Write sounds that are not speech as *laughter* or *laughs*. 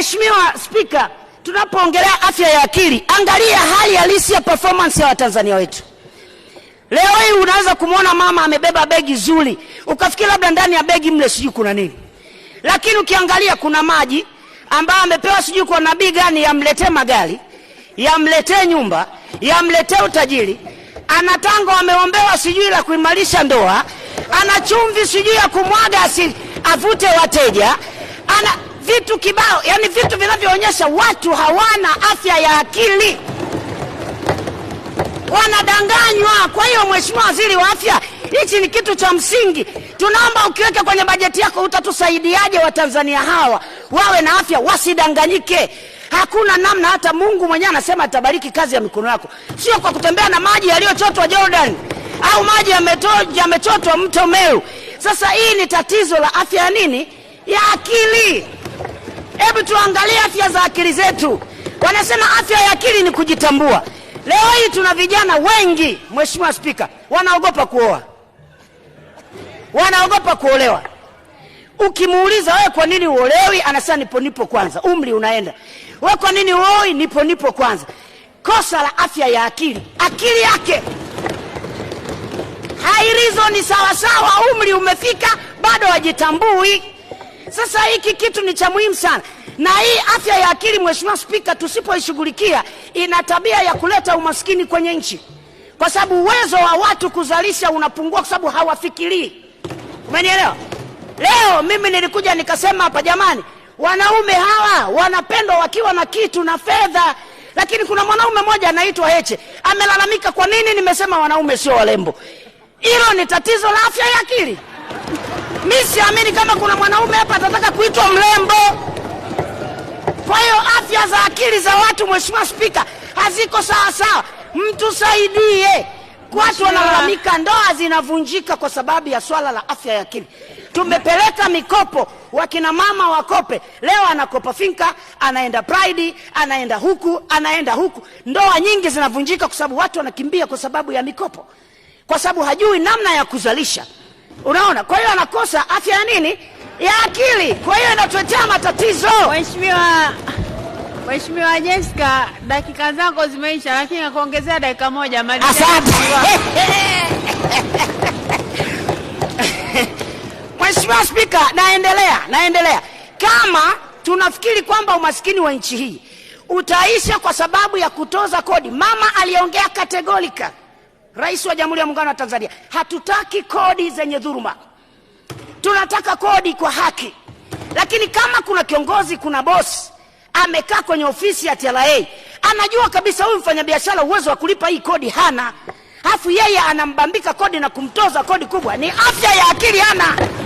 Mheshimiwa Spika, tunapoongelea afya ya akili, angalia hali halisi ya performance ya Watanzania wetu. Leo hii unaweza kumwona mama amebeba begi zuri, ukafikiri labda ndani ya begi mle sijui kuna nini, lakini ukiangalia kuna maji ambayo amepewa sijui kwa nabii gani, yamletee magari, yamletee nyumba, yamletee utajiri. Ana tango ameombewa sijui la kuimarisha ndoa, ana chumvi sijui ya kumwaga asili avute wateja, ana vitu kibao, yani vitu vinavyoonyesha watu hawana afya ya akili, wanadanganywa. Kwa hiyo, Mheshimiwa Waziri wa Afya, hichi ni kitu cha msingi, tunaomba ukiweke kwenye bajeti yako. Utatusaidiaje watanzania hawa wawe na afya, wasidanganyike? Hakuna namna, hata Mungu mwenyewe anasema atabariki kazi ya mikono yako, sio kwa kutembea na maji yaliyochotwa Jordan au maji yamechotwa mto Meru. Sasa hii ni tatizo la afya ya nini, ya akili. Hebu tuangalie afya za akili zetu. Wanasema afya ya akili ni kujitambua. Leo hii tuna vijana wengi, Mheshimiwa Spika, wanaogopa kuoa, wanaogopa kuolewa. Ukimuuliza wewe, kwa nini uolewi? Anasema nipo nipo kwanza, umri unaenda. Wewe kwa nini uoi Nipo nipo kwanza. Kosa la afya ya akili, akili yake hairizo ni sawasawa, umri umefika, bado hajitambui. Sasa hiki kitu ni cha muhimu sana. Na hii afya ya akili, Mheshimiwa Spika, tusipoishughulikia ina tabia ya kuleta umaskini kwenye nchi, kwa sababu uwezo wa watu kuzalisha unapungua, kwa sababu hawafikirii. Umenielewa? Leo mimi nilikuja nikasema hapa, jamani, wanaume hawa wanapendwa wakiwa na kitu na fedha, lakini kuna mwanaume mmoja anaitwa Heche amelalamika, kwa nini nimesema wanaume sio warembo? Hilo ni tatizo la afya ya akili. Mi siamini kama kuna mwanaume hapa atataka kuitwa mrembo akili za watu Mheshimiwa Spika haziko sawa sawa, mtusaidie. Watu wanalalamika ndoa zinavunjika kwa sababu ya swala la afya ya akili. Tumepeleka mikopo, wakina mama wakope. Leo anakopa finka, anaenda Pride, anaenda huku, anaenda huku. Ndoa nyingi zinavunjika kwa sababu watu wanakimbia kwa sababu ya mikopo, kwa sababu hajui namna ya kuzalisha. Unaona, kwa hiyo anakosa afya ya nini, ya akili. Kwa hiyo inatuletea matatizo, Mheshimiwa. Mheshimiwa Jessica, dakika zako zimeisha, lakini nakuongezea dakika moja. Malizia. Asante. *laughs* Mheshimiwa Spika, naendelea, naendelea. Kama tunafikiri kwamba umaskini wa nchi hii utaisha kwa sababu ya kutoza kodi, mama aliongea kategorika, Rais wa Jamhuri ya Muungano wa Tanzania, hatutaki kodi zenye dhuruma tunataka kodi kwa haki. Lakini kama kuna kiongozi, kuna bosi amekaa kwenye ofisi ya TRA, anajua kabisa huyu mfanyabiashara uwezo wa kulipa hii kodi hana, alafu yeye anambambika kodi na kumtoza kodi kubwa, ni afya ya akili hana.